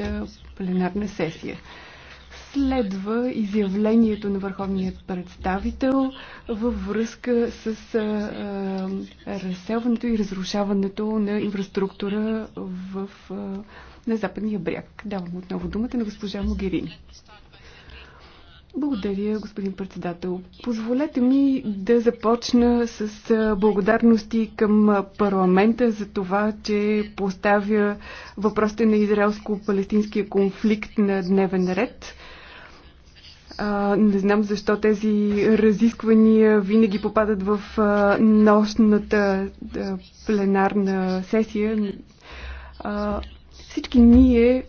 Е, пленарна сесия. Следва изявлението на върховният представител във връзка с а, а, разселването и разрушаването на инфраструктура в, а, на Западния бряг. Давам отново думата на госпожа Могерини. Благодаря, господин председател. Позволете ми да започна с благодарности към парламента за това, че поставя въпросите на израелско-палестинския конфликт на дневен ред. А, не знам защо тези разисквания винаги попадат в а, нощната а, пленарна сесия. А, всички ние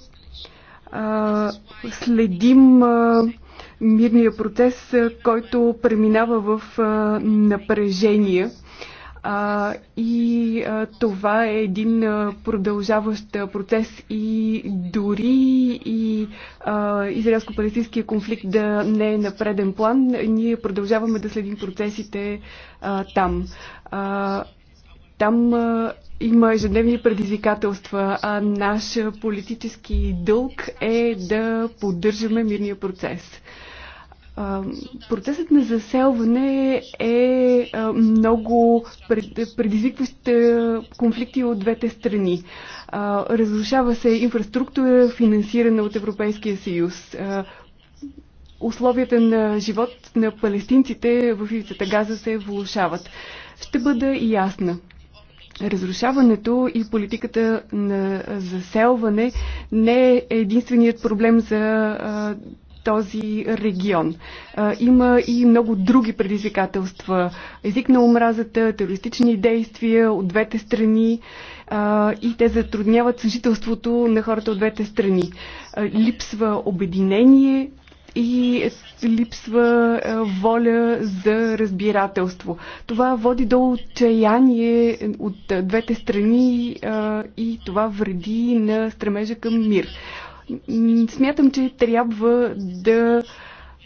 а, следим. А, мирния процес, който преминава в напрежение. И това е един продължаващ процес и дори и израелско-палестинския конфликт да не е на преден план, ние продължаваме да следим процесите там. Там а, има ежедневни предизвикателства, а наш политически дълг е да поддържаме мирния процес. Процесът на заселване е много предизвикващ конфликти от двете страни. Разрушава се инфраструктура, финансирана от Европейския съюз. Условията на живот на палестинците в ивицата Газа се влушават. Ще бъда ясна. Разрушаването и политиката на заселване не е единственият проблем за този регион. Има и много други предизвикателства. Език на омразата, терористични действия от двете страни и те затрудняват съжителството на хората от двете страни. Липсва обединение и липсва воля за разбирателство. Това води до отчаяние от двете страни и това вреди на стремежа към мир. Смятам, че трябва да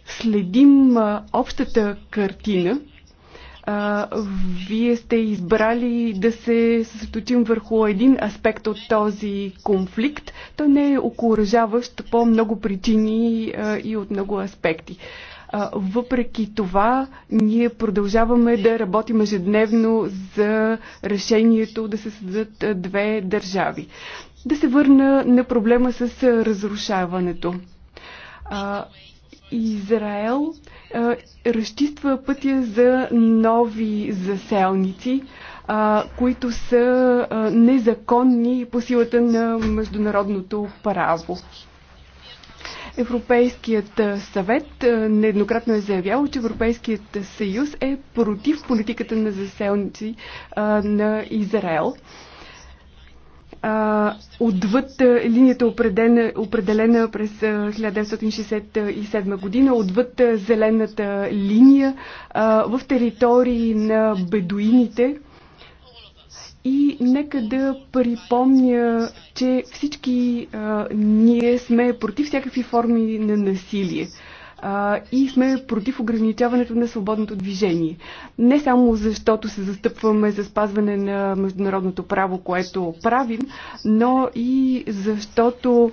следим общата картина. Вие сте избрали да се съсредоточим върху един аспект от този конфликт. Той не е окоръжаващ по много причини и от много аспекти. Въпреки това, ние продължаваме да работим ежедневно за решението да се създадат две държави. Да се върна на проблема с разрушаването. Израел а, разчиства пътя за нови заселници, а, които са а, незаконни по силата на международното право. Европейският съвет нееднократно е заявявал, че Европейският съюз е против политиката на заселници а, на Израел а, отвъд а, линията определена, определена през а, 1967 година, отвъд а, зелената линия а, в територии на бедуините. И нека да припомня, че всички а, ние сме против всякакви форми на насилие а, и сме против ограничаването на свободното движение. Не само защото се застъпваме за спазване на международното право, което правим, но и защото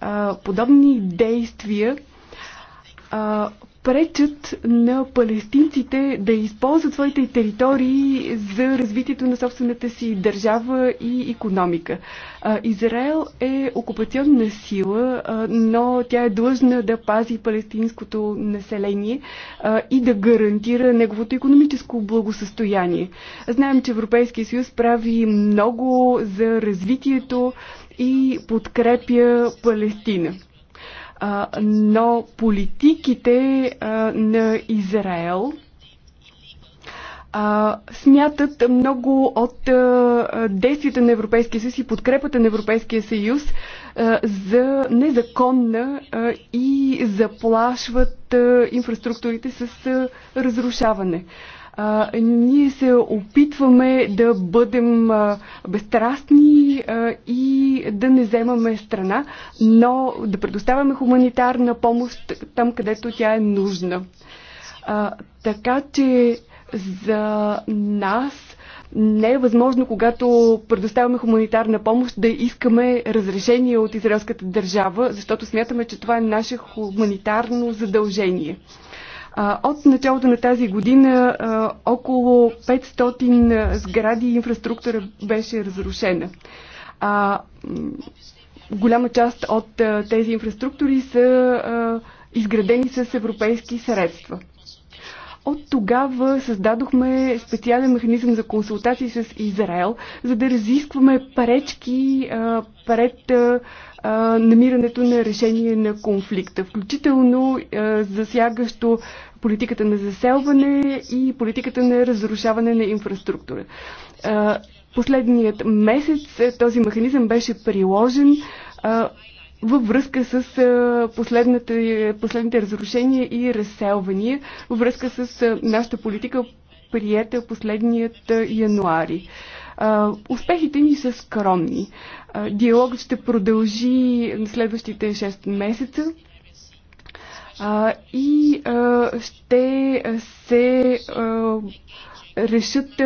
а, подобни действия а, пречат на палестинците да използват своите територии за развитието на собствената си държава и економика. Израел е окупационна сила, но тя е длъжна да пази палестинското население и да гарантира неговото економическо благосъстояние. Знаем, че Европейския съюз прави много за развитието и подкрепя Палестина но политиките на Израел а, смятат много от а, действията на Европейския съюз и подкрепата на Европейския съюз а, за незаконна а, и заплашват а, инфраструктурите с а, разрушаване. А, а, ние се опитваме да бъдем а, безстрастни а, и да не вземаме страна, но да предоставяме хуманитарна помощ там, където тя е нужна. А, така че за нас не е възможно, когато предоставяме хуманитарна помощ, да искаме разрешение от израелската държава, защото смятаме, че това е наше хуманитарно задължение. От началото на тази година около 500 сгради и инфраструктура беше разрушена. Голяма част от тези инфраструктури са изградени с европейски средства. От тогава създадохме специален механизъм за консултации с Израел, за да разискваме пречки пред а, а, намирането на решение на конфликта, включително а, засягащо политиката на заселване и политиката на разрушаване на инфраструктура. А, последният месец е, този механизъм беше приложен а, във връзка с последните разрушения и разселвания, във връзка с нашата политика, приета последният януари. Успехите ни са скромни. Диалогът ще продължи на следващите 6 месеца и ще се решат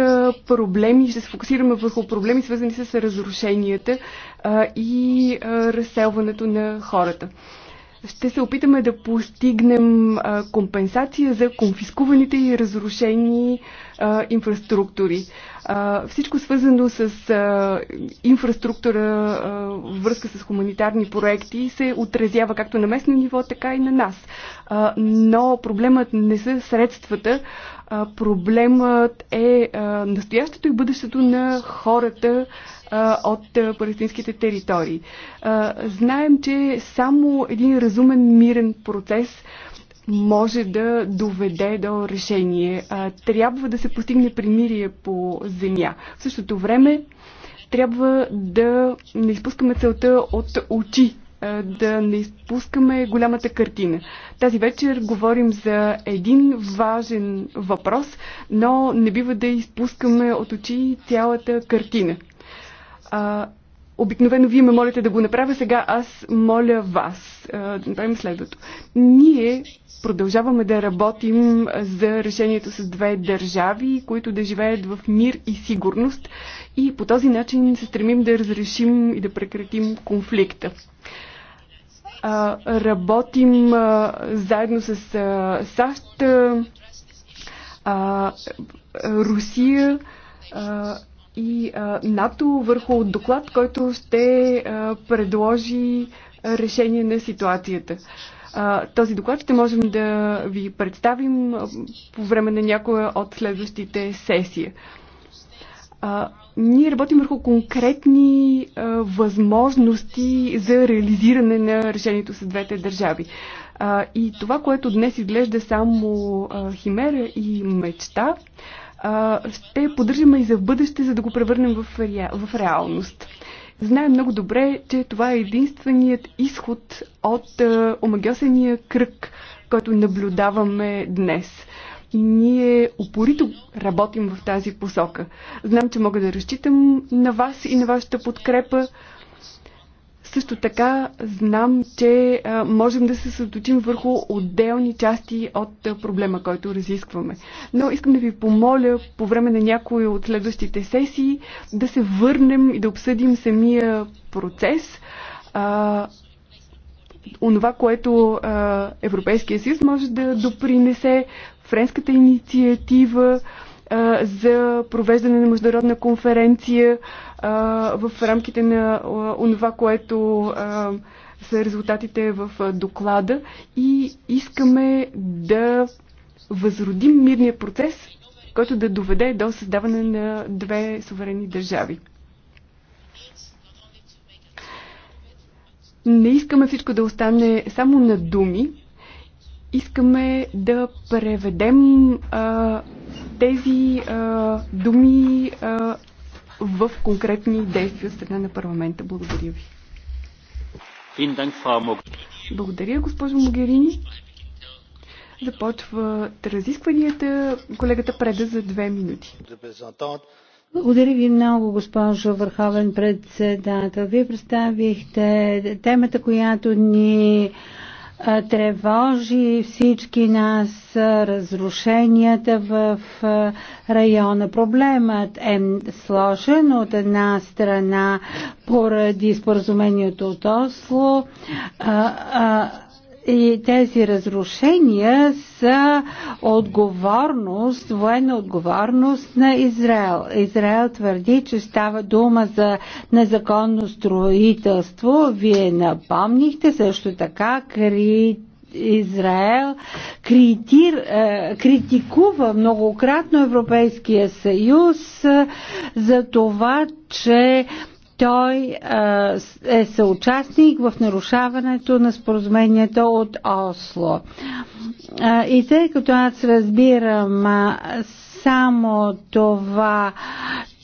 проблеми, ще се фокусираме върху проблеми, свързани с разрушенията и разселването на хората. Ще се опитаме да постигнем компенсация за конфискуваните и разрушени инфраструктури. Всичко свързано с инфраструктура, връзка с хуманитарни проекти се отразява както на местно ниво, така и на нас. Но проблемът не са средствата, проблемът е настоящето и бъдещето на хората от палестинските територии. Знаем, че само един разумен мирен процес може да доведе до решение. Трябва да се постигне примирие по земя. В същото време трябва да не изпускаме целта от очи, да не изпускаме голямата картина. Тази вечер говорим за един важен въпрос, но не бива да изпускаме от очи цялата картина. Обикновено вие ме молите да го направя, сега аз моля вас да направим следното. Ние продължаваме да работим за решението с две държави, които да живеят в мир и сигурност и по този начин се стремим да разрешим и да прекратим конфликта. Работим заедно с САЩ, Русия, и а, НАТО върху доклад, който ще а, предложи решение на ситуацията. А, този доклад ще можем да ви представим по време на някоя от следващите сесии. А, ние работим върху конкретни а, възможности за реализиране на решението с двете държави. А, и това, което днес изглежда само а, химера и мечта, а, ще поддържаме и за в бъдеще, за да го превърнем в, ре... в реалност. Знаем много добре, че това е единственият изход от омагиосения кръг, който наблюдаваме днес ние упорито работим в тази посока. Знам, че мога да разчитам на вас и на вашата подкрепа. Също така знам, че можем да се съсредоточим върху отделни части от проблема, който разискваме. Но искам да ви помоля по време на някои от следващите сесии да се върнем и да обсъдим самия процес. А, онова, което а, Европейския съюз може да допринесе, френската инициатива, за провеждане на международна конференция в рамките на това, което са резултатите в доклада и искаме да възродим мирния процес, който да доведе до създаване на две суверенни държави. Не искаме всичко да остане само на думи, искаме да преведем а, тези а, думи а, в конкретни действия от страна на парламента. Благодаря ви. Благодаря, госпожо Могерини. Започват разискванията. Колегата преда за две минути. Благодаря ви много, госпожо Върховен председател. Вие представихте темата, която ни тревожи всички нас разрушенията в района. Проблемът е сложен от една страна поради споразумението от Осло. А, а, и тези разрушения са отговорност, военна отговорност на Израел. Израел твърди, че става дума за незаконно строителство. Вие напомнихте също така кри... Израел критир, е, критикува многократно Европейския съюз е, за това, че той е съучастник в нарушаването на споразумението от Осло. И тъй като аз разбирам само това,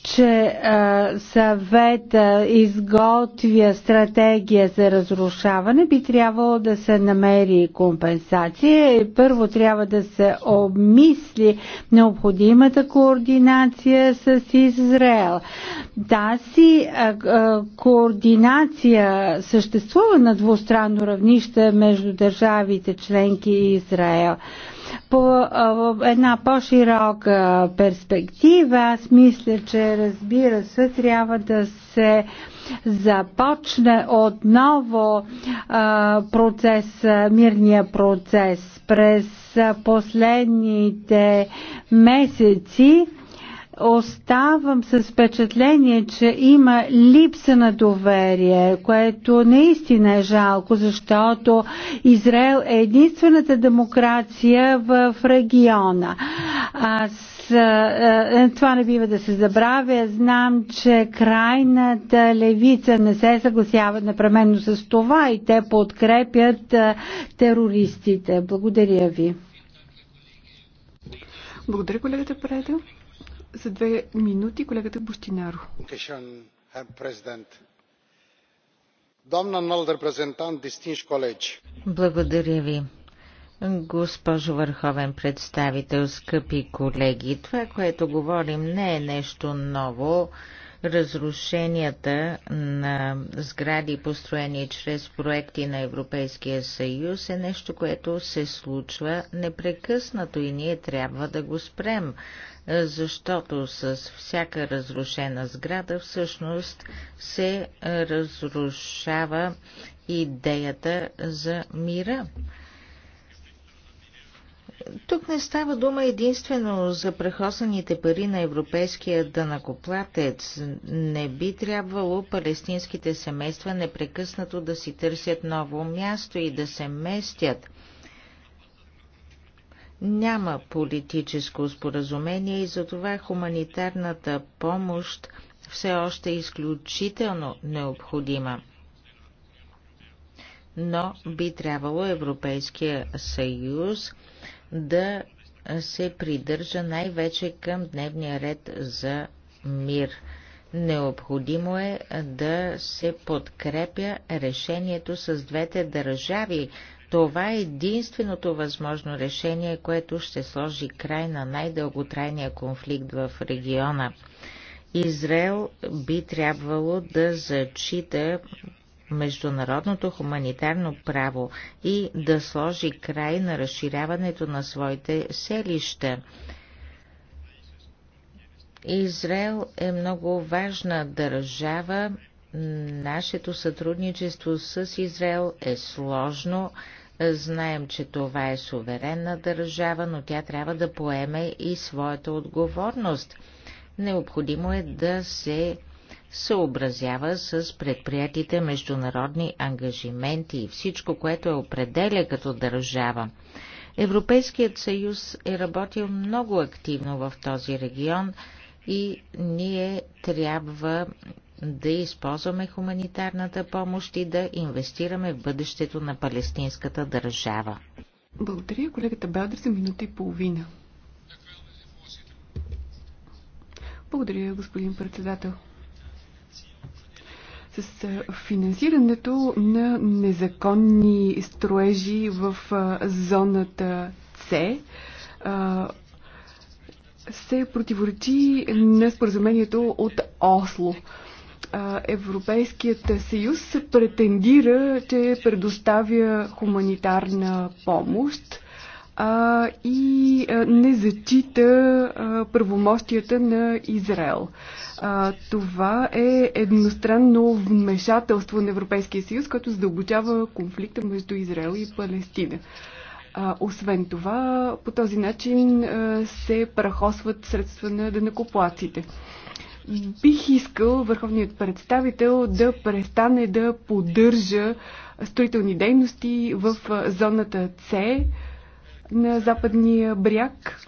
че а, съвета изготвя стратегия за разрушаване, би трябвало да се намери компенсация и първо трябва да се обмисли необходимата координация с Израел. Тази а, а, координация съществува на двустранно равнище между държавите членки и Израел по една по-широка перспектива, аз мисля, че разбира се, трябва да се започне отново процес, мирния процес. През последните месеци оставам с впечатление, че има липса на доверие, което наистина е жалко, защото Израел е единствената демокрация в региона. Аз това не бива да се забравя. Знам, че крайната левица не се съгласява непременно с това и те подкрепят терористите. Благодаря ви. Благодаря, колегата Предел. За две минути колегата Бустинаро. Благодаря ви. Госпожо Върховен представител, скъпи колеги, това, което говорим, не е нещо ново разрушенията на сгради, построени чрез проекти на Европейския съюз, е нещо, което се случва непрекъснато и ние трябва да го спрем, защото с всяка разрушена сграда всъщност се разрушава идеята за мира. Тук не става дума единствено за прехосаните пари на европейския дънакоплатец. Не би трябвало палестинските семейства непрекъснато да си търсят ново място и да се местят. Няма политическо споразумение и затова хуманитарната помощ все още е изключително необходима но би трябвало Европейския съюз да се придържа най-вече към дневния ред за мир. Необходимо е да се подкрепя решението с двете държави. Това е единственото възможно решение, което ще сложи край на най-дълготрайния конфликт в региона. Израел би трябвало да зачита международното хуманитарно право и да сложи край на разширяването на своите селища. Израел е много важна държава. Нашето сътрудничество с Израел е сложно. Знаем, че това е суверенна държава, но тя трябва да поеме и своята отговорност. Необходимо е да се съобразява с предприятите международни ангажименти и всичко, което е определя като държава. Европейският съюз е работил много активно в този регион и ние трябва да използваме хуманитарната помощ и да инвестираме в бъдещето на палестинската държава. Благодаря колегата Белдър за минута и половина. Благодаря, господин председател с финансирането на незаконни строежи в зоната С се противоречи на споразумението от Осло. Европейският съюз претендира, че предоставя хуманитарна помощ а, и а, не зачита а, правомощията на Израел. А, това е едностранно вмешателство на Европейския съюз, което задълбочава конфликта между Израел и Палестина. А, освен това, по този начин а, се прахосват средства на денакоплаците. Бих искал върховният представител да престане да поддържа строителни дейности в зоната С, на западния бряг.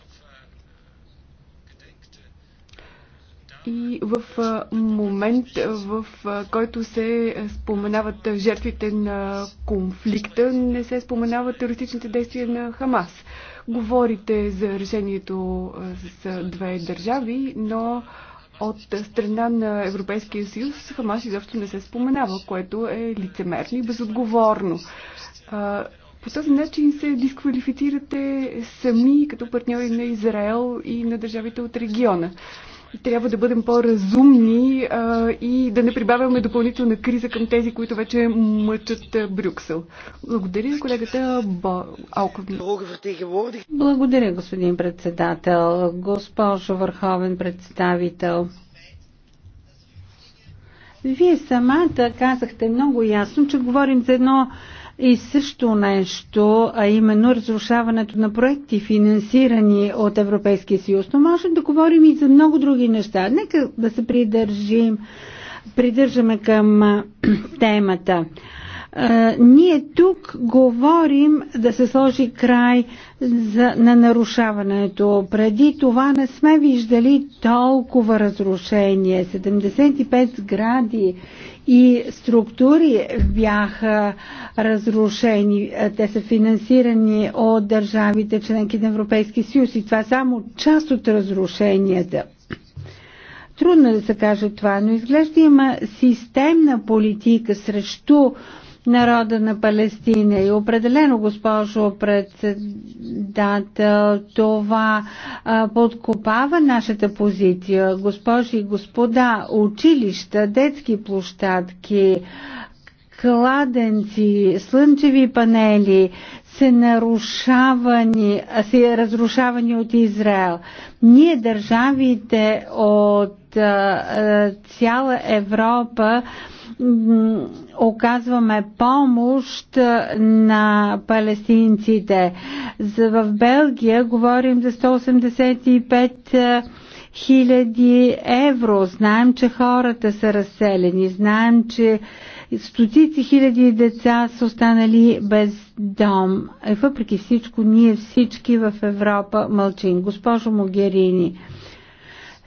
И в момент, в който се споменават жертвите на конфликта, не се споменават терористичните действия на Хамас. Говорите за решението с две държави, но от страна на Европейския съюз Хамас изобщо не се споменава, което е лицемерно и безотговорно. По този начин се дисквалифицирате сами като партньори на Израел и на държавите от региона. Трябва да бъдем по-разумни и да не прибавяме допълнителна криза към тези, които вече мъчат Брюксел. Благодаря колегата Бо... Алковни. Благодаря, господин председател. Госпожо Върховен представител. Вие самата казахте много ясно, че говорим за едно и също нещо, а именно разрушаването на проекти, финансирани от Европейския съюз. Но можем да говорим и за много други неща. Нека да се придържим, придържаме към темата ние тук говорим да се сложи край за, на нарушаването. Преди това не сме виждали толкова разрушение. 75 сгради и структури бяха разрушени. Те са финансирани от държавите членки на Европейски съюз и това е само част от разрушенията. Трудно е да се каже това, но изглежда има системна политика срещу народа на Палестина. И определено, госпожо председател, това а, подкопава нашата позиция. Госпожи и господа, училища, детски площадки, кладенци, слънчеви панели се нарушавани, се разрушавани от Израел. Ние държавите от а, а, цяла Европа оказваме помощ на палестинците. В Белгия говорим за 185 хиляди евро. Знаем, че хората са разселени. Знаем, че стотици хиляди деца са останали без дом. И въпреки всичко, ние всички в Европа мълчим. Госпожо Могерини,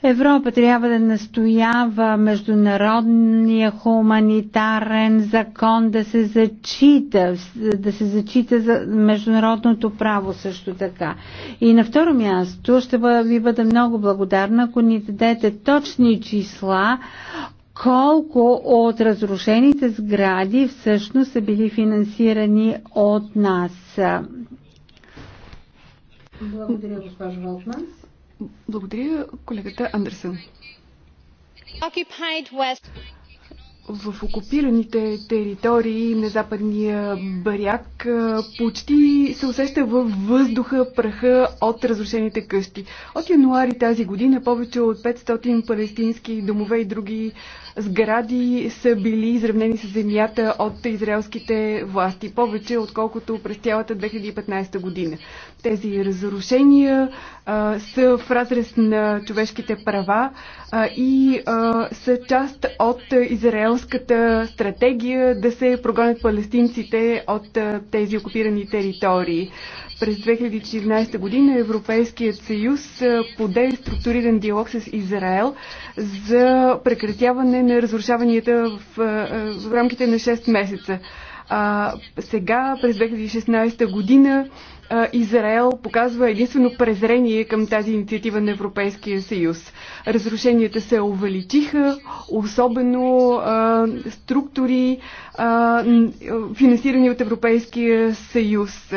Европа трябва да настоява международния хуманитарен закон да се зачита, да се зачита за международното право също така. И на второ място ще ви бъда много благодарна, ако ни дадете точни числа, колко от разрушените сгради всъщност са били финансирани от нас. Благодаря, госпожо Волтман. Благодаря, колегата Андерсън. В окупираните територии на западния баряк почти се усеща във въздуха праха от разрушените къщи. От януари тази година повече от 500 палестински домове и други сгради са били изравнени с земята от израелските власти, повече отколкото през цялата 2015 година. Тези разрушения а, са в разрез на човешките права а, и а, са част от израелската стратегия да се прогонят палестинците от а, тези окупирани територии. През 2014 година Европейският съюз поде структуриран диалог с Израел за прекратяване на разрушаванията в, в рамките на 6 месеца. А, сега, през 2016 година, Израел показва единствено презрение към тази инициатива на Европейския съюз. Разрушенията се увеличиха, особено а, структури, а, финансирани от Европейския съюз,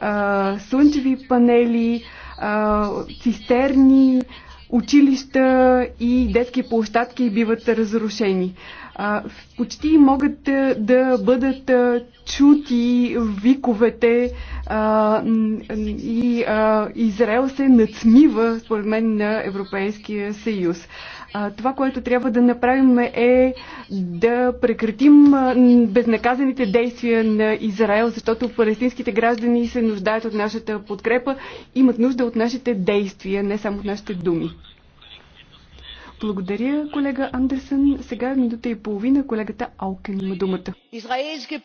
а, слънчеви панели, а, цистерни, училища и детски площадки биват разрушени почти могат да бъдат чути виковете и Израел се надсмива, според мен, на Европейския съюз. Това, което трябва да направим е да прекратим безнаказаните действия на Израел, защото палестинските граждани се нуждаят от нашата подкрепа, имат нужда от нашите действия, не само от нашите думи. Благодаря, колега Андерсън. Сега е минута и половина колегата Алкен има думата. Израелски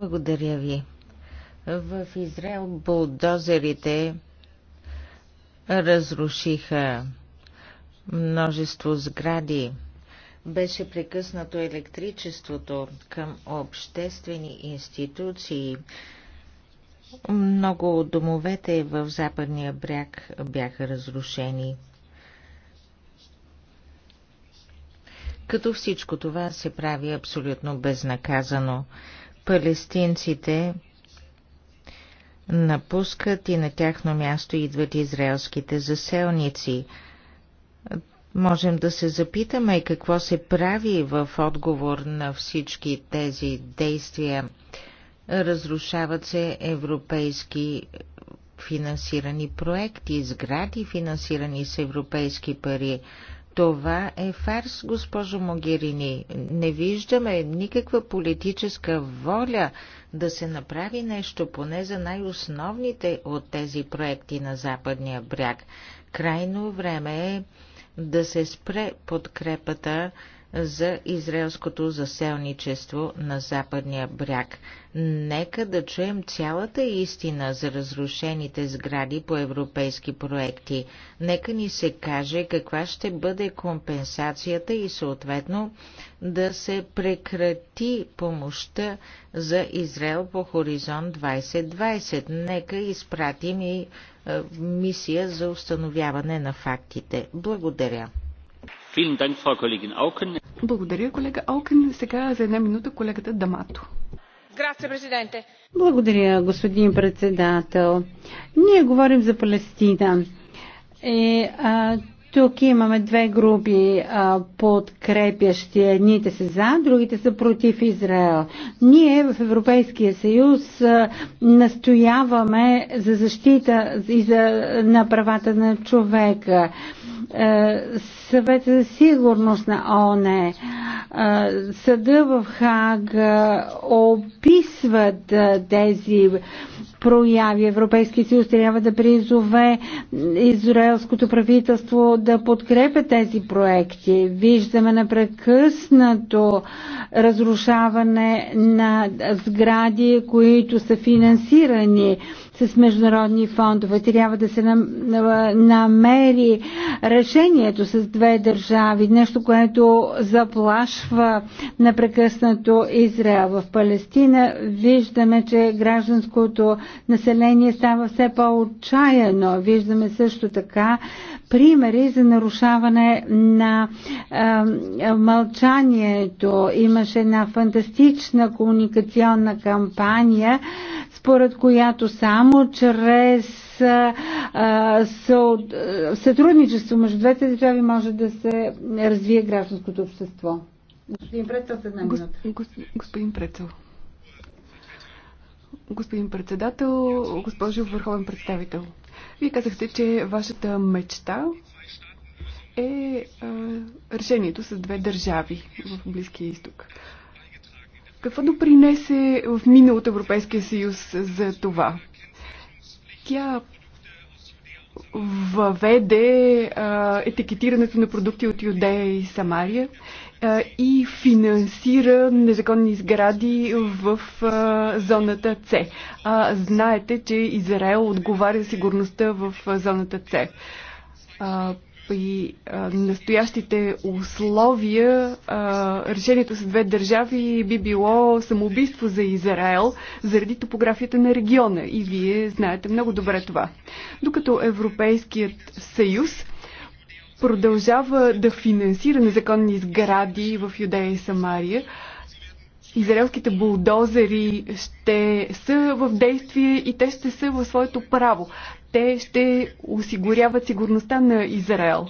Благодаря ви. В Израел булдозерите разрушиха множество сгради. Беше прекъснато електричеството към обществени институции. Много от домовете в западния бряг бяха разрушени. като всичко това се прави абсолютно безнаказано. Палестинците напускат и на тяхно място идват израелските заселници. Можем да се запитаме какво се прави в отговор на всички тези действия. Разрушават се европейски финансирани проекти, сгради, финансирани с европейски пари. Това е фарс, госпожо Могерини. Не виждаме никаква политическа воля да се направи нещо поне за най-основните от тези проекти на Западния бряг. Крайно време е да се спре подкрепата за израелското заселничество на западния бряг. Нека да чуем цялата истина за разрушените сгради по европейски проекти. Нека ни се каже каква ще бъде компенсацията и съответно да се прекрати помощта за Израел по Хоризонт 2020. Нека изпратим и е, мисия за установяване на фактите. Благодаря. Благодаря, колега Алкен. Сега за една минута колегата Дамато. Благодаря, господин председател. Ние говорим за Палестина. И, а, тук имаме две групи а, подкрепящи. Едните са за, другите са против Израел. Ние в Европейския съюз а, настояваме за защита и за, на правата на човека. А, е, съвета за сигурност на ООН, е, съда в Хаг описват е, тези прояви. Европейски съюз трябва да призове израелското правителство да подкрепя тези проекти. Виждаме напрекъснато разрушаване на сгради, които са финансирани с международни фондове. Трябва да се намери решението с две държави, нещо, което заплашва непрекъснато Израел. В Палестина виждаме, че гражданското население става все по-отчаяно. Виждаме също така примери за нарушаване на е, мълчанието. Имаше една фантастична комуникационна кампания според която само чрез а, съ, сътрудничество между двете държави може да се развие гражданското общество. Господин Прецел, с една минута. господин Прецел. Господин председател, госпожо върховен представител. Вие казахте, че вашата мечта е а, решението с две държави в Близкия изток. Какво допринесе в миналото Европейския съюз за това? Тя въведе а, етикетирането на продукти от Юдея и Самария а, и финансира незаконни сгради в а, зоната С. А, знаете, че Израел отговаря сигурността в а, зоната С при а, настоящите условия а, решението с две държави би било самоубийство за Израел заради топографията на региона. И вие знаете много добре това. Докато Европейският съюз продължава да финансира незаконни сгради в Юдея и Самария, израелските булдозери ще са в действие и те ще са в своето право. Те ще осигуряват сигурността на Израел.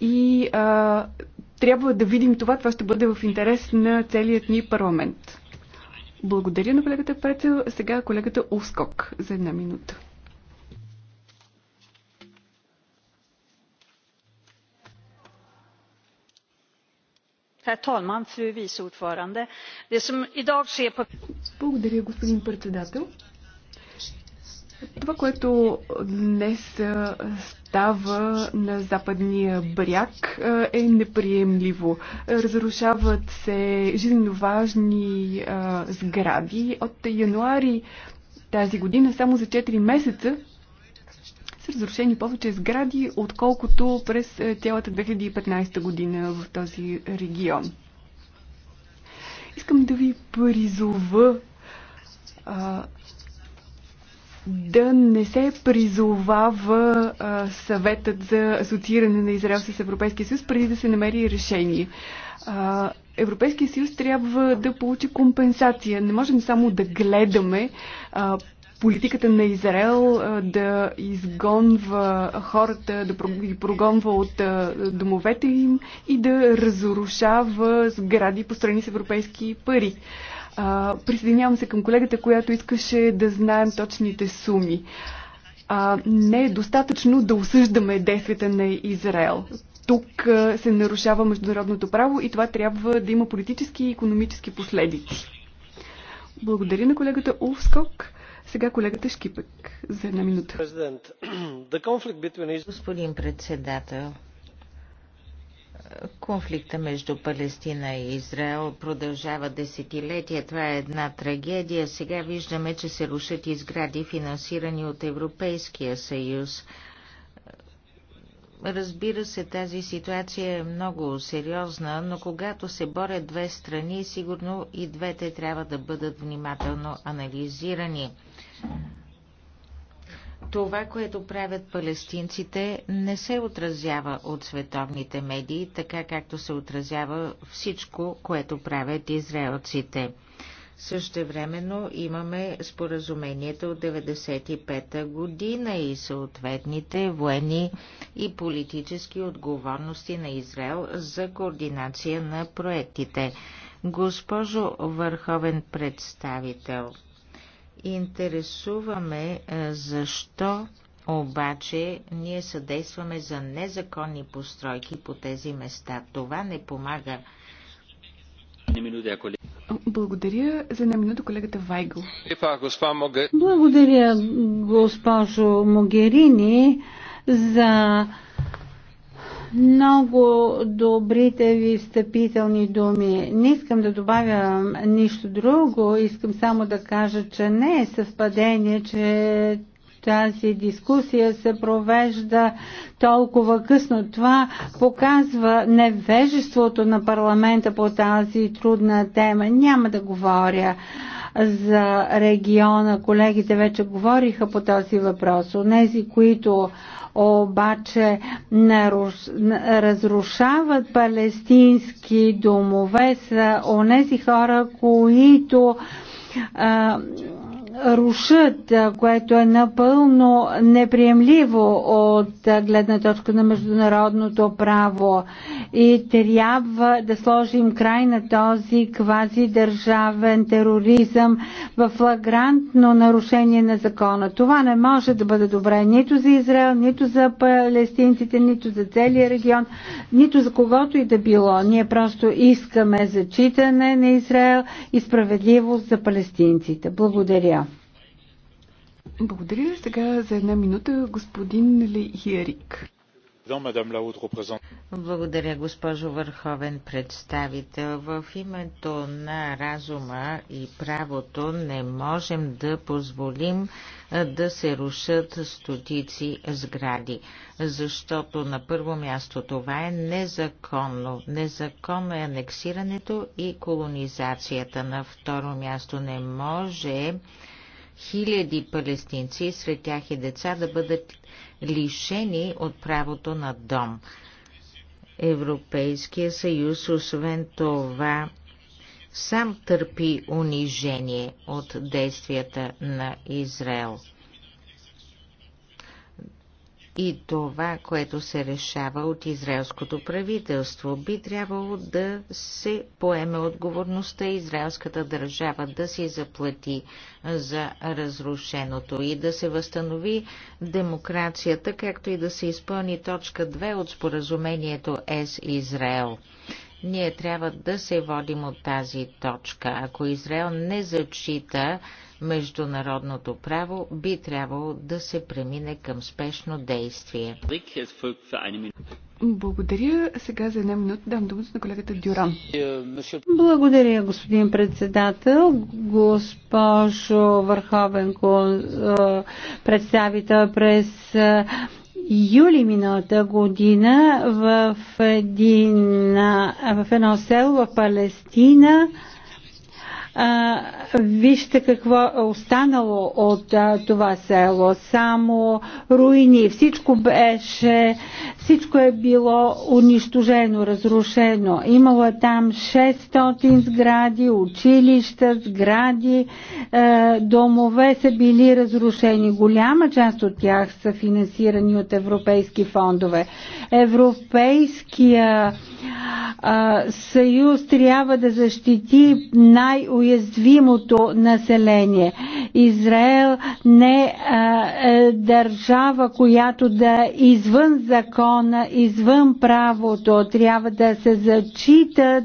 И а, трябва да видим това. Това ще бъде в интерес на целият ни парламент. Благодаря на колегата Прецел. Сега колегата Ускок за една минута. Herr talman, fru vice ordförande. Det som i dag sker på... Благодаря, господин председател. Това, което днес става на западния бряг е неприемливо. Разрушават се жизненно важни сгради. От януари тази година, само за 4 месеца, са разрушени повече сгради, отколкото през е, цялата 2015 година в този регион. Искам да ви призова а, да не се призовава а, съветът за асоцииране на Израел с Европейския съюз преди да се намери решение. А, Европейския съюз трябва да получи компенсация. Не можем само да гледаме а, политиката на Израел да изгонва хората, да ги прогонва от домовете им и да разрушава сгради построени с европейски пари. присъединявам се към колегата, която искаше да знаем точните суми. А, не е достатъчно да осъждаме действията на Израел. Тук а, се нарушава международното право и това трябва да има политически и економически последици. Благодаря на колегата Улскок. Сега колегата Шкипък за една минута. Господин председател, конфликта между Палестина и Израел продължава десетилетия. Това е една трагедия. Сега виждаме, че се рушат изгради, финансирани от Европейския съюз. Разбира се, тази ситуация е много сериозна, но когато се борят две страни, сигурно и двете трябва да бъдат внимателно анализирани. Това, което правят палестинците, не се отразява от световните медии, така както се отразява всичко, което правят израелците. Същевременно имаме споразумението от 95-та година и съответните военни и политически отговорности на Израел за координация на проектите. Госпожо Върховен представител, интересуваме е, защо обаче ние съдействаме за незаконни постройки по тези места. Това не помага. Благодаря за една минута колегата Вайгъл. Благодаря, госпожо Могерини, за много добрите ви встъпителни думи. Не искам да добавя нищо друго, искам само да кажа, че не е съвпадение, че тази дискусия се провежда толкова късно. Това показва невежеството на парламента по тази трудна тема. Няма да говоря за региона. Колегите вече говориха по този въпрос. Онези, които обаче наруш... разрушават палестински домове, са онези хора, които а, рушат, което е напълно неприемливо от гледна точка на международното право. И трябва да сложим край на този квази държавен тероризъм в флагрантно нарушение на закона. Това не може да бъде добре нито за Израел, нито за палестинците, нито за целия регион, нито за когото и да било. Ние просто искаме зачитане на Израел и справедливост за палестинците. Благодаря. Благодаря. Сега за една минута господин Лихиерик. Благодаря, госпожо Върховен представител. В името на разума и правото не можем да позволим да се рушат стотици сгради, защото на първо място това е незаконно. Незаконно е анексирането и колонизацията. На второ място не може хиляди палестинци, сред тях и деца, да бъдат лишени от правото на дом. Европейския съюз, освен това, сам търпи унижение от действията на Израел и това, което се решава от израелското правителство. Би трябвало да се поеме отговорността израелската държава да си заплати за разрушеното и да се възстанови демокрацията, както и да се изпълни точка 2 от споразумението С Израел. Ние трябва да се водим от тази точка. Ако Израел не зачита международното право, би трябвало да се премине към спешно действие. Благодаря. Сега за една минута дам думата на колегата Дюран. Благодаря, господин председател. Госпожо Върховен е, представител през е, юли миналата година в, един, в едно село в Палестина а, вижте какво е останало от а, това село. Само руини. Всичко беше, всичко е било унищожено, разрушено. Имало е там 600 сгради, училища, сгради, а, е, домове са били разрушени. Голяма част от тях са финансирани от европейски фондове. Европейския а, съюз трябва да защити най-уязвимите уязвимото население. Израел не е държава, която да е извън закона, извън правото. Трябва да се зачитат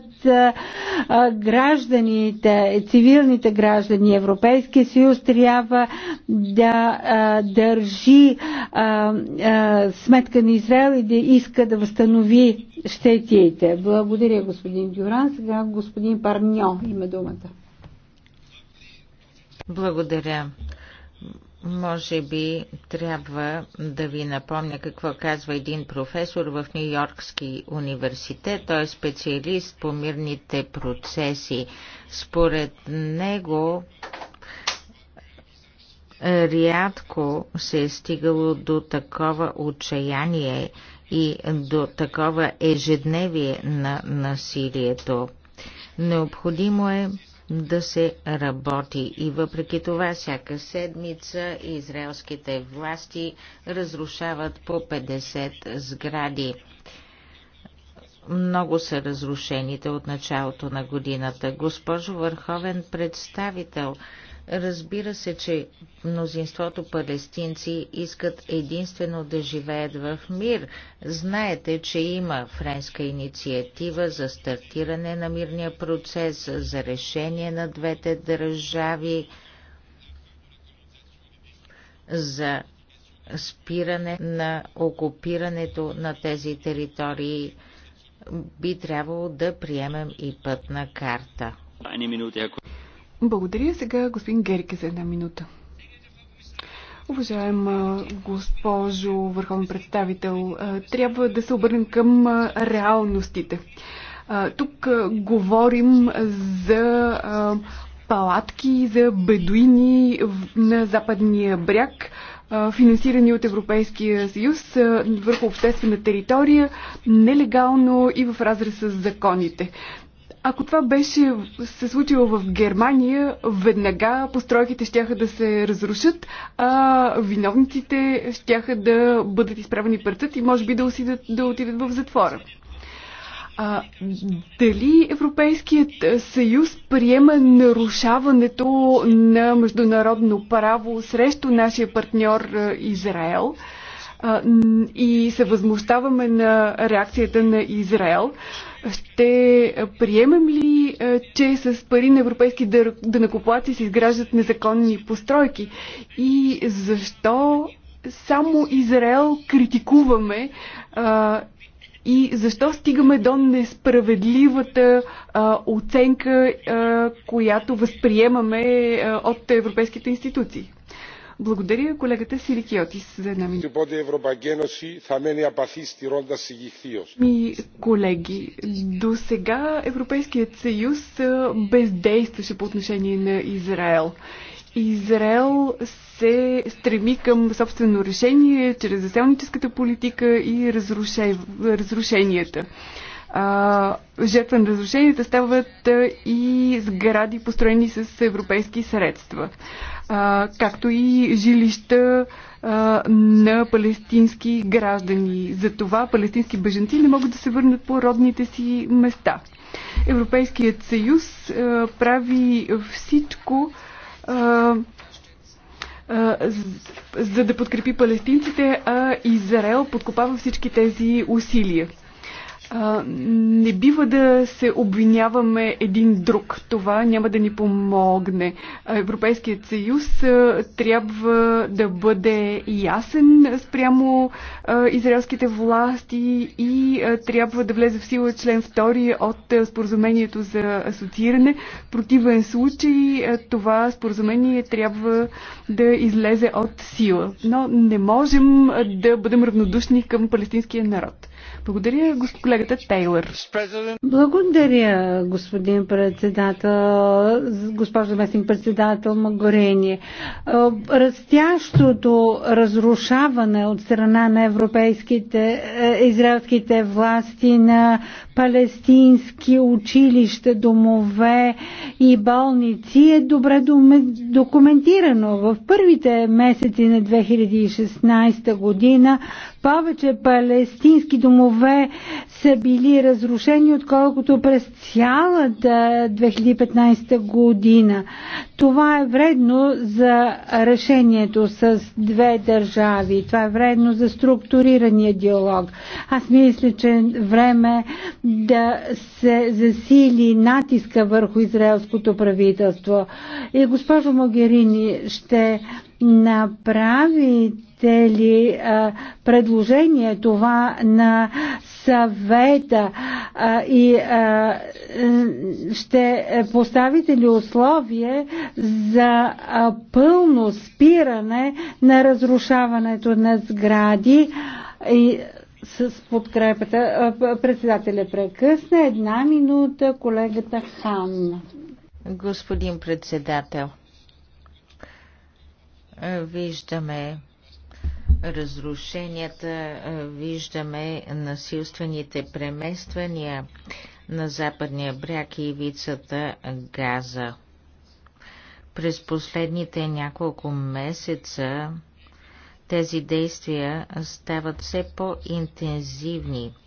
гражданите, цивилните граждани. Европейския съюз трябва да а, държи а, а, сметка на Израел и да иска да възстанови щетиите. Благодаря, господин Дюран. Сега господин Парньо има думата. Благодаря. Може би трябва да ви напомня какво казва един професор в Нью Йоркски университет. Той е специалист по мирните процеси. Според него рядко се е стигало до такова отчаяние и до такова ежедневие на насилието. Необходимо е да се работи. И въпреки това, всяка седмица израелските власти разрушават по 50 сгради. Много са разрушените от началото на годината. Госпожо Върховен представител, Разбира се, че мнозинството палестинци искат единствено да живеят в мир. Знаете, че има френска инициатива за стартиране на мирния процес, за решение на двете държави, за спиране на окупирането на тези територии. Би трябвало да приемем и пътна карта. Благодаря. Сега господин Герки за една минута. Уважаема госпожо върховен представител, трябва да се обърнем към реалностите. Тук говорим за палатки за бедуини на западния бряг, финансирани от Европейския съюз върху обществена територия, нелегално и в разрез с законите. Ако това беше се случило в Германия, веднага постройките щяха да се разрушат, а виновниците щяха да бъдат изправени пред съд и може би да, усидат, да отидат в затвора. А, дали Европейският съюз приема нарушаването на международно право срещу нашия партньор Израел? А, и се възмущаваме на реакцията на Израел. А, ще приемем ли, е, че с пари на европейски дънакоплаци се изграждат незаконни постройки? И защо само Израел критикуваме а, е, и защо стигаме до несправедливата а, е, оценка, а, която възприемаме а, от европейските институции? Благодаря колегата Сирикиотис за една минута. Ми, колеги, до сега Европейският съюз бездействаше по отношение на Израел. Израел се стреми към собствено решение чрез заселническата политика и разрушенията а, жертва на разрушенията стават а, и сгради, построени с европейски средства, а, както и жилища а, на палестински граждани. Затова палестински беженци не могат да се върнат по родните си места. Европейският съюз а, прави всичко. А, за да подкрепи палестинците, а Израел подкопава всички тези усилия. А, не бива да се обвиняваме един друг. Това няма да ни помогне. Европейският съюз а, трябва да бъде ясен спрямо а, израелските власти и а, трябва да влезе в сила член 2 от а, споразумението за асоцииране. В противен случай а, това споразумение трябва да излезе от сила. Но не можем да бъдем равнодушни към палестинския народ. Благодаря, колегата Тейлър. Благодаря, господин председател, госпожо местник председател Магорени. Е, растящото разрушаване от страна на европейските, е, израелските власти на палестински училища, домове и болници е добре документирано. В първите месеци на 2016 година повече палестински домове са били разрушени, отколкото през цялата 2015 година. Това е вредно за решението с две държави. Това е вредно за структурирания диалог. Аз мисля, че е време да се засили натиска върху израелското правителство. И госпожо Могерини, ще направите видели а, предложение това на съвета а, и а, ще поставите ли условие за а, пълно спиране на разрушаването на сгради и с подкрепата. Председателя прекъсна една минута колегата Хан. Господин председател, виждаме разрушенията, е, виждаме насилствените премествания на западния бряг и вицата Газа. През последните няколко месеца тези действия стават все по-интензивни –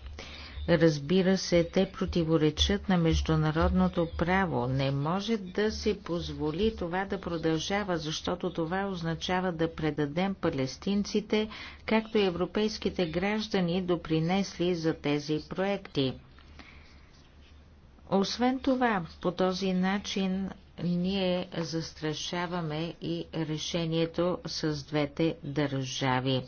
Разбира се, те противоречат на международното право. Не може да се позволи това да продължава, защото това означава да предадем палестинците, както и европейските граждани допринесли за тези проекти. Освен това, по този начин ние застрашаваме и решението с двете държави.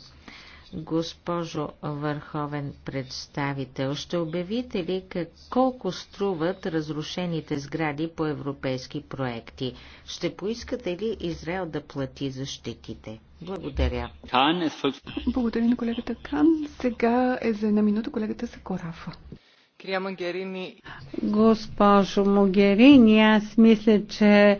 Госпожо върховен представител, ще обявите ли как, колко струват разрушените сгради по европейски проекти? Ще поискате ли Израел да плати за щетите? Благодаря. Е Благодаря на колегата Кан. Сега е за една минута колегата Сакорафа. Госпожо Могерини, аз мисля, че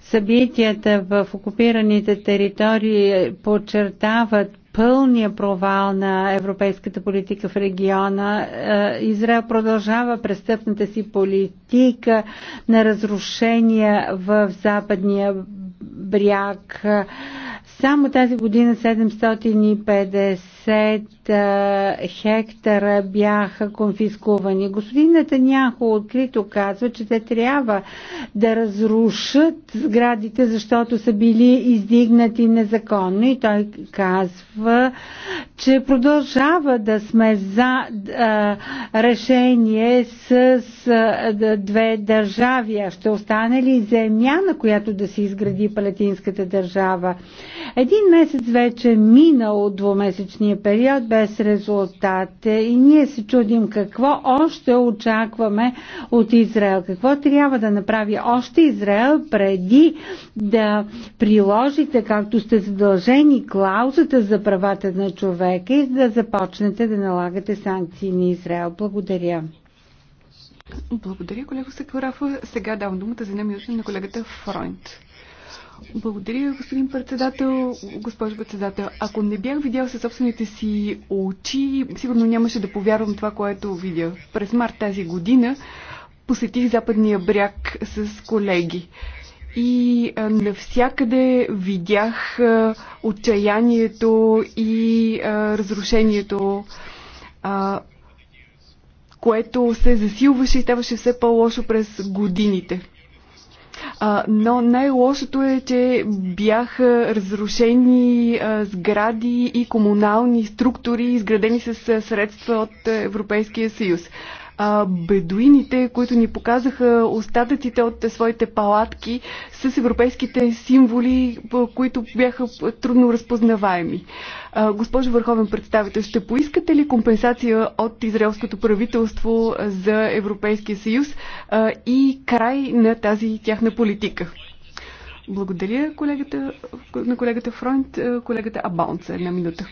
събитията в окупираните територии подчертават пълния провал на европейската политика в региона. Е, Израел продължава престъпната си политика на разрушения в западния бряг. Само тази година 750 50 хектара бяха конфискувани. Господин Натаняхо открито казва, че те трябва да разрушат сградите, защото са били издигнати незаконно и той казва, че продължава да сме за а, решение с а, две държави. А ще остане ли земя, на която да се изгради палетинската държава? Един месец вече е мина от двумесечния период без резултат и ние се чудим какво още очакваме от Израел, какво трябва да направи още Израел преди да приложите, както сте задължени, клаузата за правата на човека и да започнете да налагате санкции на Израел. Благодаря. Благодаря, колега Сакурафа. Сега давам думата за една на колегата Фройнт. Благодаря, господин председател. Госпожо председател, ако не бях видял със собствените си очи, сигурно нямаше да повярвам това, което видя. През март тази година посетих западния бряг с колеги. И а, навсякъде видях а, отчаянието и а, разрушението, а, което се засилваше и ставаше все по-лошо през годините. А, но най-лошото е, че бяха разрушени а, сгради и комунални структури, изградени с а, средства от Европейския съюз а, бедуините, които ни показаха остатъците от своите палатки с европейските символи, които бяха трудно разпознаваеми. А, госпожо Върховен представител, ще поискате ли компенсация от израелското правителство за Европейския съюз а, и край на тази тяхна политика? Благодаря колегата, на колегата Фронт, колегата Абаунца. Една минута.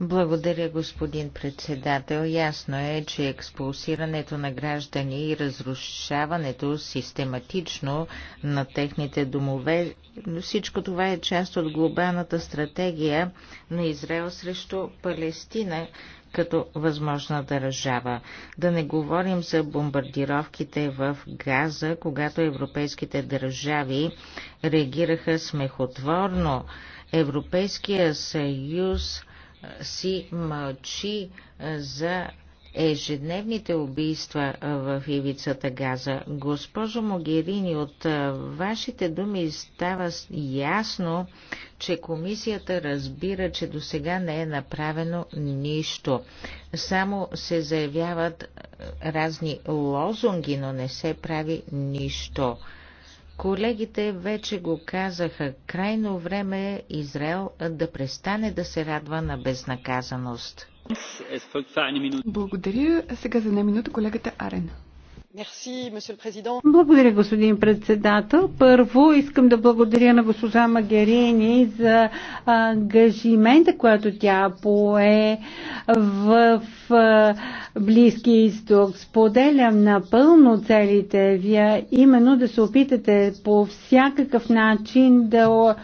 Благодаря, господин председател. Ясно е, че експулсирането на граждани и разрушаването систематично на техните домове, всичко това е част от глобалната стратегия на Израел срещу Палестина като възможна държава. Да не говорим за бомбардировките в Газа, когато европейските държави реагираха смехотворно. Европейския съюз си мълчи за ежедневните убийства в ивицата Газа. Госпожо Могерини, от вашите думи става ясно, че комисията разбира, че до сега не е направено нищо. Само се заявяват разни лозунги, но не се прави нищо. Колегите вече го казаха. Крайно време е Израел да престане да се радва на безнаказаност. Благодаря. Сега за една минута колегата Арен. Благодаря, господин председател. Първо искам да благодаря на госпожа Магерини за ангажимента, която тя пое в Близки изток. Споделям напълно целите вие, именно да се опитате по всякакъв начин да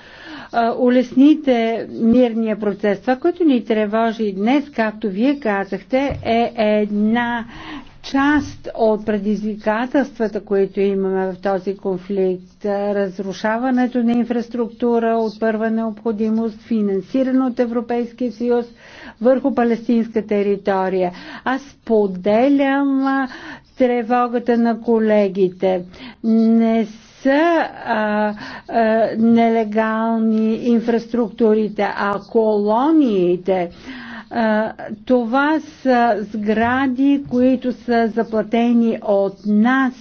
улесните мирния процес. Това, което ни тревожи днес, както вие казахте, е една част от предизвикателствата, които имаме в този конфликт. Разрушаването на инфраструктура от първа необходимост, финансирано от Европейския съюз върху палестинска територия. Аз поделям тревогата на колегите. Не са а, а, нелегални инфраструктурите, а колониите. А, това са сгради, които са заплатени от нас,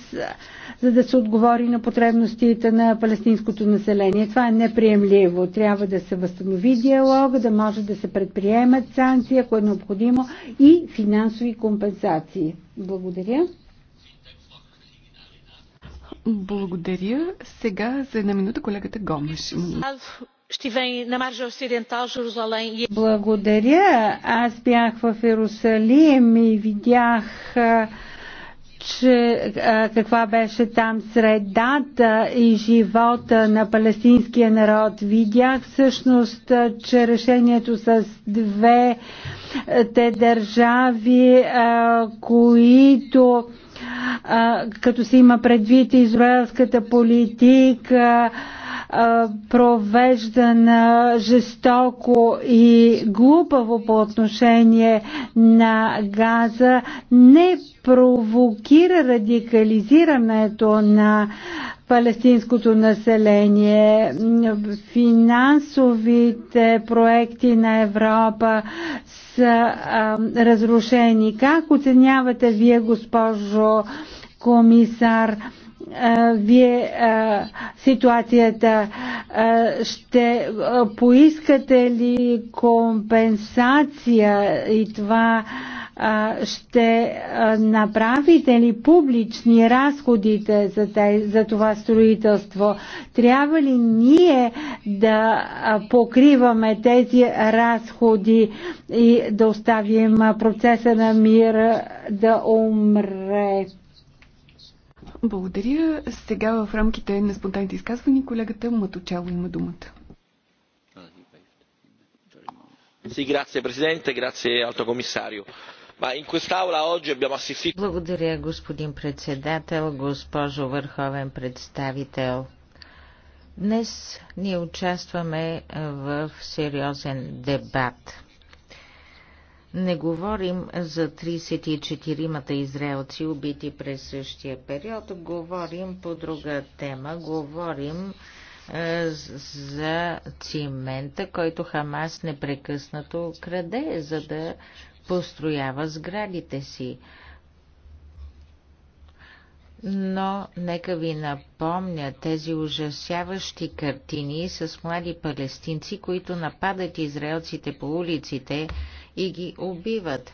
за да се отговори на потребностите на палестинското население. Това е неприемливо. Трябва да се възстанови диалог, да може да се предприемат санкции, ако е необходимо, и финансови компенсации. Благодаря. Благодаря. Сега за една минута колегата Гомеш. E- Благодаря. Аз бях в Иерусалим и видях че, каква беше там средата и живота на палестинския народ. Видях всъщност, че решението с две те държави, които като се има предвид израелската политика, провеждана жестоко и глупаво по отношение на газа, не провокира радикализирането на палестинското население. Финансовите проекти на Европа са а, разрушени. Как оценявате вие, госпожо комисар, вие ситуацията? Ще поискате ли компенсация и това ще направите ли публични разходите за, това строителство? Трябва ли ние да покриваме тези разходи и да оставим процеса на мир да умре? Благодаря. Сега в рамките на спонтанните изказвания колегата Маточало има думата. Благодаря, господин председател, госпожо върховен представител. Днес ние участваме в сериозен дебат не говорим за 34-мата израелци убити през същия период, говорим по друга тема, говорим е, за цимента, който Хамас непрекъснато краде, за да построява сградите си. Но нека ви напомня тези ужасяващи картини с млади палестинци, които нападат израелците по улиците и ги убиват.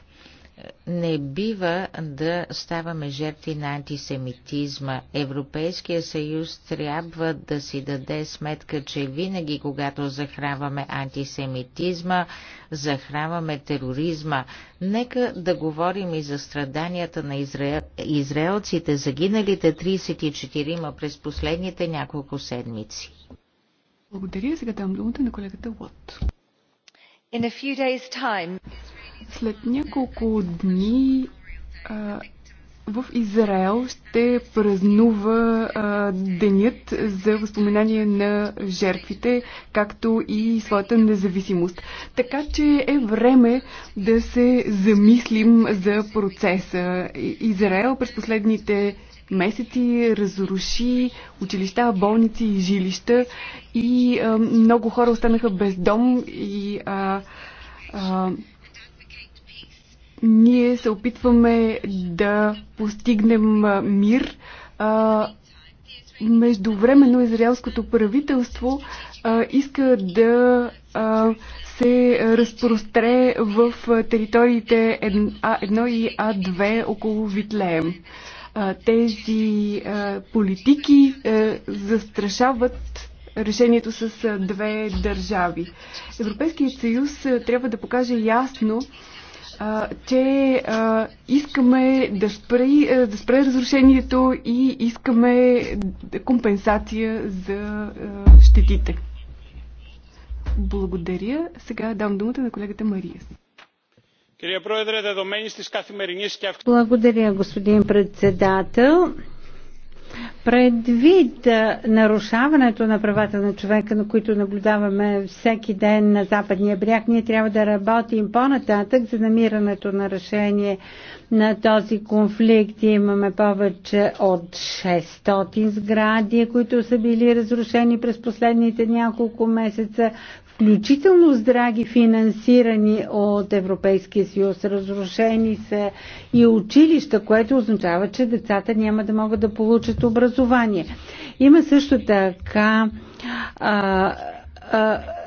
Не бива да ставаме жертви на антисемитизма. Европейския съюз трябва да си даде сметка, че винаги, когато захранваме антисемитизма, захранваме тероризма. Нека да говорим и за страданията на израел... израелците, загиналите 34 през последните няколко седмици. Благодаря. Сега дам думата на колегата Лот. След няколко дни в Израел ще празнува денят за възпоменание на жертвите, както и своята независимост. Така че е време да се замислим за процеса. Израел през последните месеци разруши училища, болници и жилища и а, много хора останаха без дом и а, а, ние се опитваме да постигнем мир. А, междувременно израелското правителство а, иска да а, се разпростре в териториите А1 и А2 около Витлеем. Тези политики застрашават решението с две държави. Европейският съюз трябва да покаже ясно, че искаме да спре, да спре разрушението и искаме компенсация за щетите. Благодаря. Сега дам думата на колегата Мария. Благодаря, господин председател. Предвид нарушаването на правата на човека, на които наблюдаваме всеки ден на Западния бряг, ние трябва да работим по-нататък за намирането на решение на този конфликт. Имаме повече от 600 сгради, които са били разрушени през последните няколко месеца, изключително здраги, финансирани от Европейския съюз. Разрушени са и училища, което означава, че децата няма да могат да получат образование. Има също така а,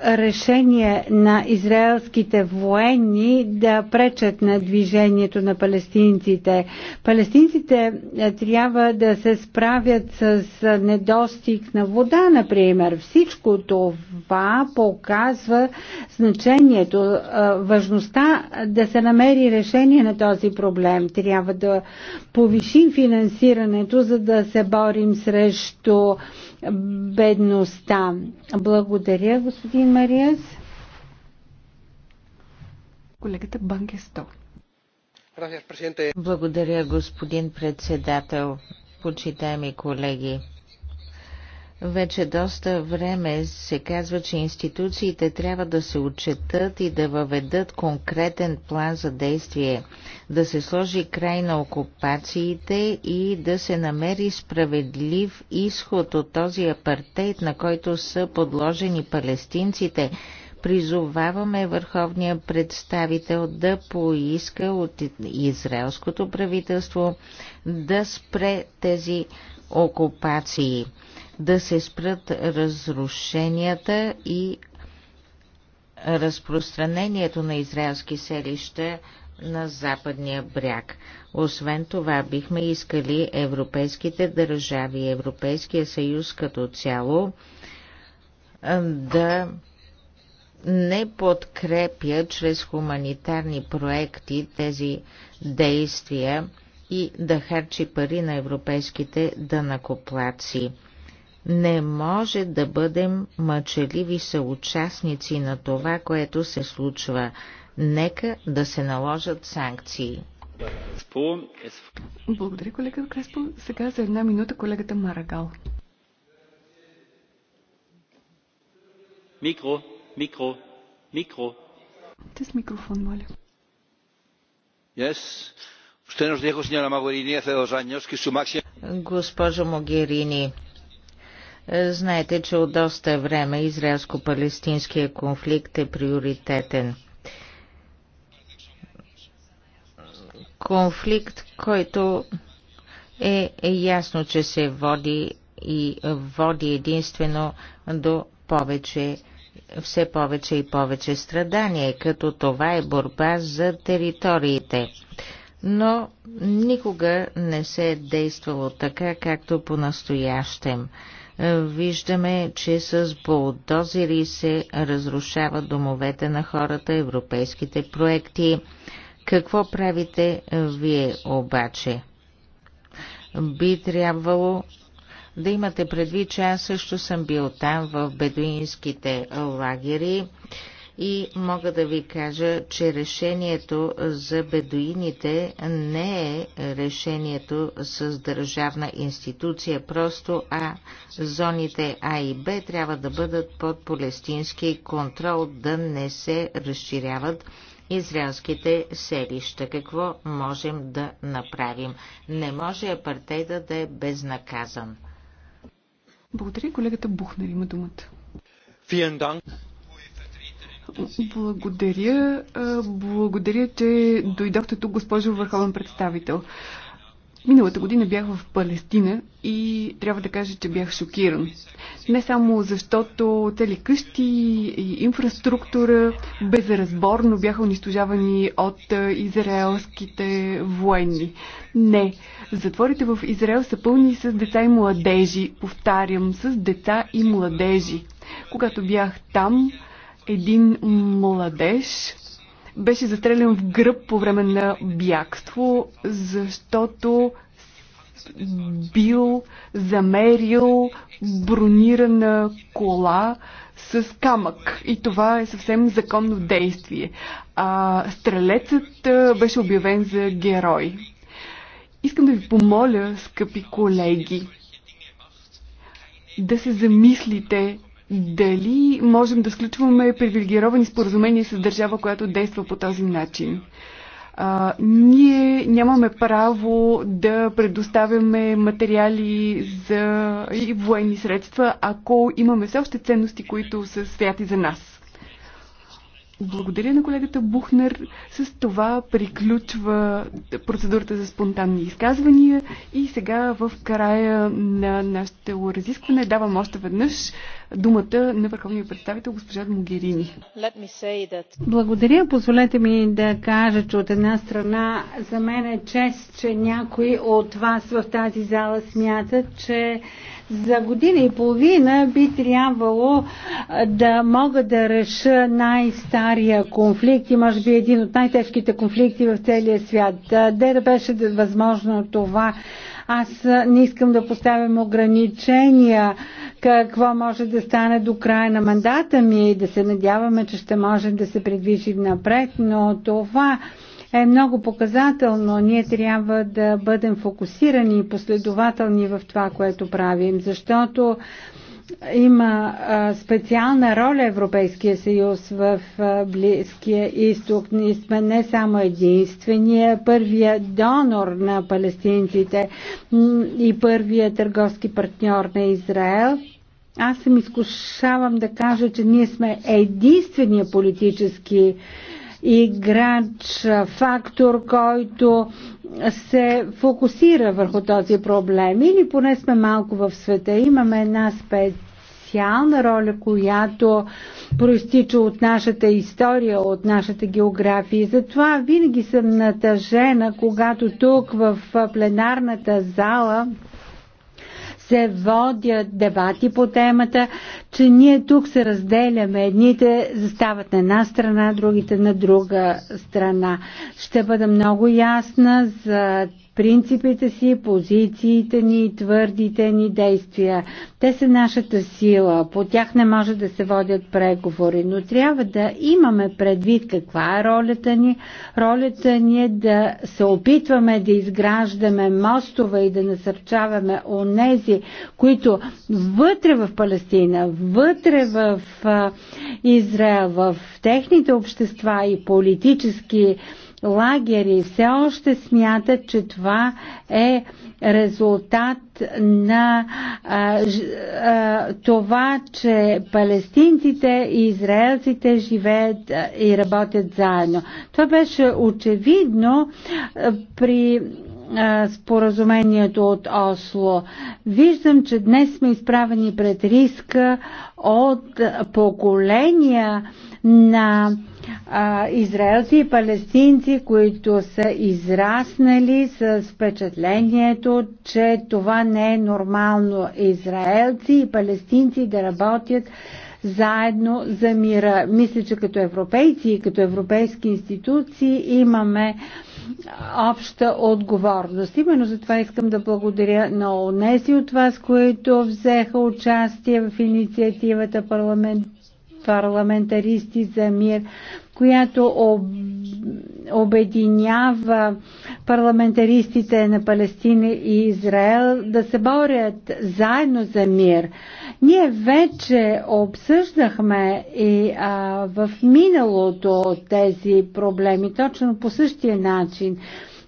решение на израелските военни да пречат на движението на палестинците. Палестинците трябва да се справят с недостиг на вода, например. Всичко това показва значението, важността да се намери решение на този проблем. Трябва да повишим финансирането, за да се борим срещу бедността. Благодаря, господин Мариас. Колегата Банкесто. Благодаря, господин председател. Почитаеми колеги, вече доста време се казва, че институциите трябва да се отчетат и да въведат конкретен план за действие, да се сложи край на окупациите и да се намери справедлив изход от този апартейт, на който са подложени палестинците. Призоваваме върховния представител да поиска от израелското правителство да спре тези окупации да се спрат разрушенията и разпространението на израелски селища на западния бряг. Освен това, бихме искали европейските държави и Европейския съюз като цяло да не подкрепя чрез хуманитарни проекти тези действия и да харчи пари на европейските данакоплаци. Не може да бъдем мъчеливи съучастници на това, което се случва. Нека да се наложат санкции. Благодаря, колега Креспо. Сега за една минута колегата Марагал. Микро, микро, микро. С микрофон, моля. Yes. Usted nos dijo, señora Mogherini, hace dos años que su máxima... Госпожо Могерини, е, знаете, че от доста време израелско-палестинския конфликт е приоритетен. Конфликт, който е, е ясно, че се води и води единствено до повече, все повече и повече страдания, като това е борба за териториите. Но никога не се е действало така, както по-настоящем. Е, виждаме, че с болдозери се разрушават домовете на хората, европейските проекти. Какво правите е, вие обаче? Би трябвало да имате предвид, че аз също съм бил там в бедуинските лагери и мога да ви кажа, че решението за бедуините не е решението с държавна институция, просто а зоните А и Б трябва да бъдат под палестински контрол, да не се разширяват израелските селища. Какво можем да направим? Не може апартейда да е безнаказан. Благодаря, колегата Бухнер има думата. Благодаря. Благодаря, че дойдохте тук, госпожо Върховен представител. Миналата година бях в Палестина и трябва да кажа, че бях шокиран. Не само защото цели къщи и инфраструктура безразборно бяха унищожавани от израелските военни. Не. Затворите в Израел са пълни с деца и младежи. Повтарям, с деца и младежи. Когато бях там, един младеж беше застрелян в гръб по време на бягство, защото бил замерил бронирана кола с камък. И това е съвсем законно действие. А, стрелецът беше обявен за герой. Искам да ви помоля, скъпи колеги, да се замислите дали можем да сключваме привилегировани споразумения с държава, която действа по този начин. А, ние нямаме право да предоставяме материали за и военни средства, ако имаме все още ценности, които са святи за нас. Благодаря на колегата Бухнер. С това приключва процедурата за спонтанни изказвания и сега в края на нашето разискване давам още веднъж думата на върховния представител госпожа Могерини. That... Благодаря. Позволете ми да кажа, че от една страна за мен е чест, че някои от вас в тази зала смятат, че за година и половина би трябвало да мога да реша най-стария конфликт и може би един от най-тежките конфликти в целия свят. Де да беше възможно това? Аз не искам да поставям ограничения какво може да стане до края на мандата ми и да се надяваме, че ще можем да се придвижи напред, но това е много показателно. Ние трябва да бъдем фокусирани и последователни в това, което правим, защото има специална роля Европейския съюз в Близкия изток. Ние сме не само единствения, първия донор на палестинците и първия търговски партньор на Израел. Аз съм изкушавам да кажа, че ние сме единствения политически играч, фактор, който се фокусира върху този проблем. Или поне сме малко в света. Имаме една специална роля, която проистича от нашата история, от нашата география. И затова винаги съм натъжена, когато тук в пленарната зала се водят дебати по темата, че ние тук се разделяме. Едните застават на една страна, другите на друга страна. Ще бъда много ясна за принципите си, позициите ни, твърдите ни действия. Те са нашата сила, по тях не може да се водят преговори, но трябва да имаме предвид каква е ролята ни. Ролята ни е да се опитваме да изграждаме мостове и да насърчаваме онези, които вътре в Палестина, вътре в Израел, в техните общества и политически лагери все още смятат, че това е резултат на а, а, това, че палестинците и израелците живеят а, и работят заедно. Това беше очевидно а, при споразумението от Осло. Виждам, че днес сме изправени пред риска от поколения на а, израелци и палестинци, които са израснали с впечатлението, че това не е нормално. Израелци и палестинци да работят заедно за мира. Мисля, че като европейци и като европейски институции имаме обща отговорност. Именно за това искам да благодаря на онези от вас, които взеха участие в инициативата парламент парламентаристи за мир, която об... обединява парламентаристите на Палестина и Израел да се борят заедно за мир. Ние вече обсъждахме и а, в миналото тези проблеми, точно по същия начин.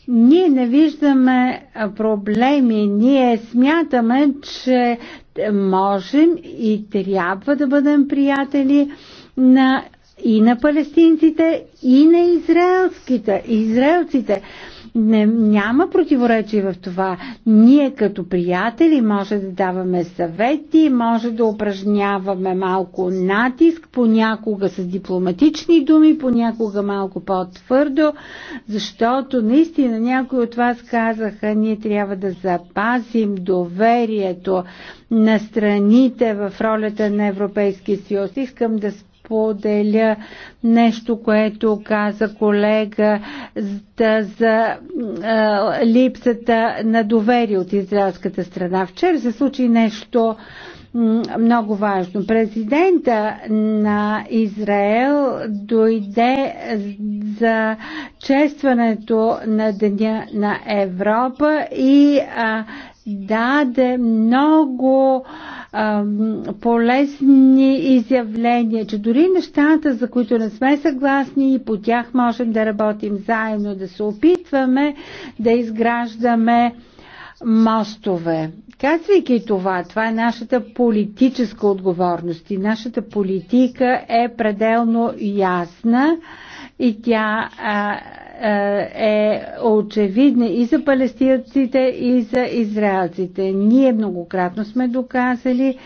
Ние не виждаме проблеми, ние смятаме, че можем и трябва да бъдем приятели на и на палестинците, и на израелските, израелците. Не, няма противоречие в това. Ние като приятели може да даваме съвети, може да упражняваме малко натиск, понякога с дипломатични думи, понякога малко по-твърдо, защото наистина някои от вас казаха, ние трябва да запазим доверието на страните в ролята на Европейския съюз. Искам да спомня споделя нещо, което каза колега за, за а, липсата на доверие от израелската страна. Вчера се случи нещо много важно. Президента на Израел дойде за честването на Деня на Европа и а, даде много а, полезни изявления, че дори нещата, за които не сме съгласни и по тях можем да работим заедно, да се опитваме да изграждаме мостове. Казвайки това, това е нашата политическа отговорност и нашата политика е пределно ясна и тя а, е, е очевидна и за палестинците, и за израелците. Ние многократно сме доказали,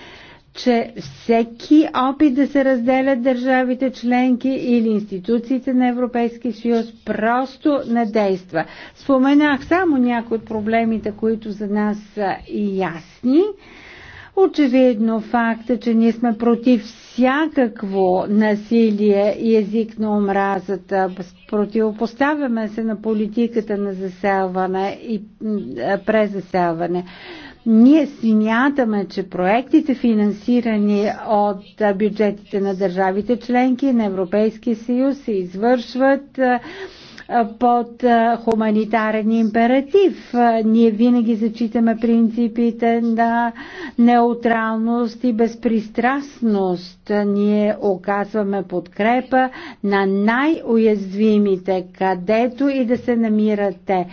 че всеки опит да се разделят държавите членки или институциите на Европейския съюз просто не действа. Споменах само някои от проблемите, които за нас са ясни. Очевидно факта, че ние сме против всякакво насилие и език на омразата. Противопоставяме се на политиката на заселване и е, презаселване. Ние смятаме, че проектите финансирани от е, бюджетите на държавите членки на Европейския съюз се извършват е, под хуманитарен императив. Ние винаги зачитаме принципите на неутралност и безпристрастност. Ние оказваме подкрепа на най-уязвимите, където и да се намират те.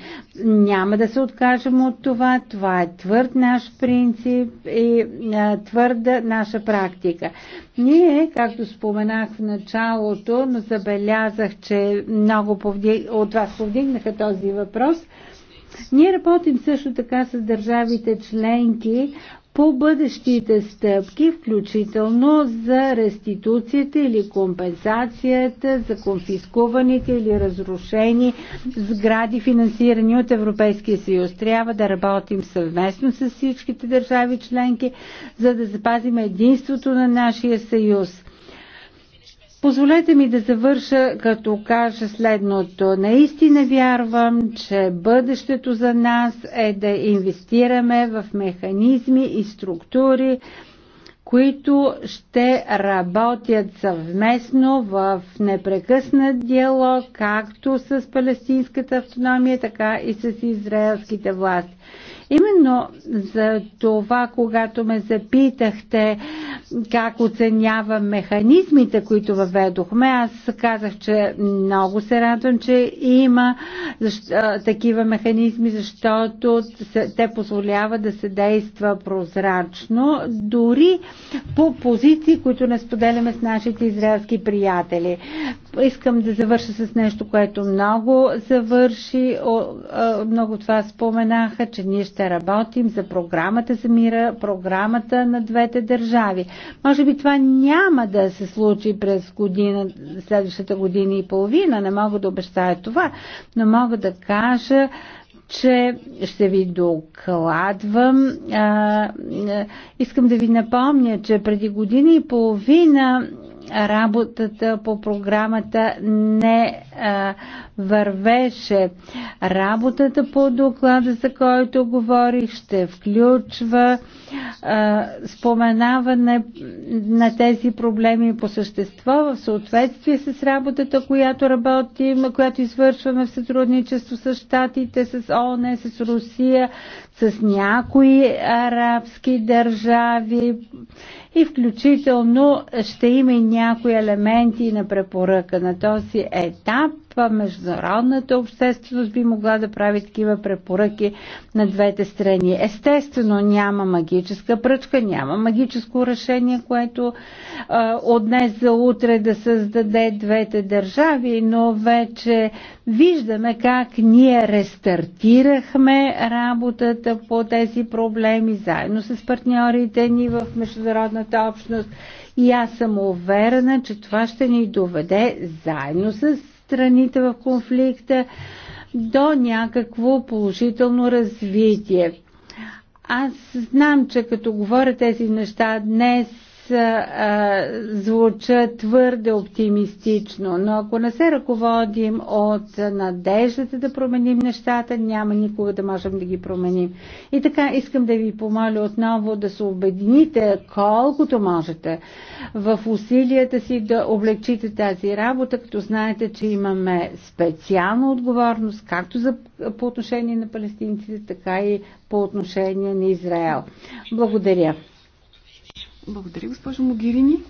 Няма да се откажем от това. Това е твърд наш принцип и твърда наша практика. Ние, както споменах в началото, но забелязах, че много повдиг... от вас повдигнаха този въпрос, ние работим също така с държавите членки по бъдещите стъпки, включително за реституцията или компенсацията за конфискуваните или разрушени сгради, финансирани от Европейския съюз. Трябва да работим съвместно с всичките държави членки, за да запазим единството на нашия съюз. Позволете ми да завърша, като кажа следното. Наистина вярвам, че бъдещето за нас е да инвестираме в механизми и структури, които ще работят съвместно в непрекъснат диалог, както с палестинската автономия, така и с израелските власти. Именно за това, когато ме запитахте как оценявам механизмите, които въведохме, аз казах, че много се радвам, че има защо, такива механизми, защото те позволяват да се действа прозрачно, дори по позиции, които не споделяме с нашите израелски приятели. Искам да завърша с нещо, което много завърши, много това споменаха, че ние ще ще работим за програмата за мира, програмата на двете държави. Може би това няма да се случи през година, следващата година и половина, не мога да обещая това, но мога да кажа, че ще ви докладвам. А, искам да ви напомня, че преди година и половина работата по програмата не а, вървеше. Работата по доклада, за който говорих, ще включва а, споменаване на тези проблеми по същество в съответствие с работата, която работим, която извършваме в сътрудничество с Штатите, с ООН, с Русия, с някои арабски държави и включително ще има и някои елементи на препоръка. На този етап това международната общественост би могла да прави такива препоръки на двете страни. Естествено, няма магическа пръчка, няма магическо решение, което а, от днес за утре да създаде двете държави, но вече виждаме как ние рестартирахме работата по тези проблеми заедно с партньорите ни в международната общност и аз съм уверена, че това ще ни доведе заедно с страните в конфликта до някакво положително развитие. Аз знам, че като говоря тези неща днес, а, звуча твърде оптимистично, но ако не се ръководим от надеждата да променим нещата, няма никога да можем да ги променим. И така искам да ви помоля отново да се обедините колкото можете в усилията си да облегчите тази работа, като знаете, че имаме специална отговорност, както за, по отношение на палестинците, така и по отношение на Израел. Благодаря. Благодаря, госпожо Могирини.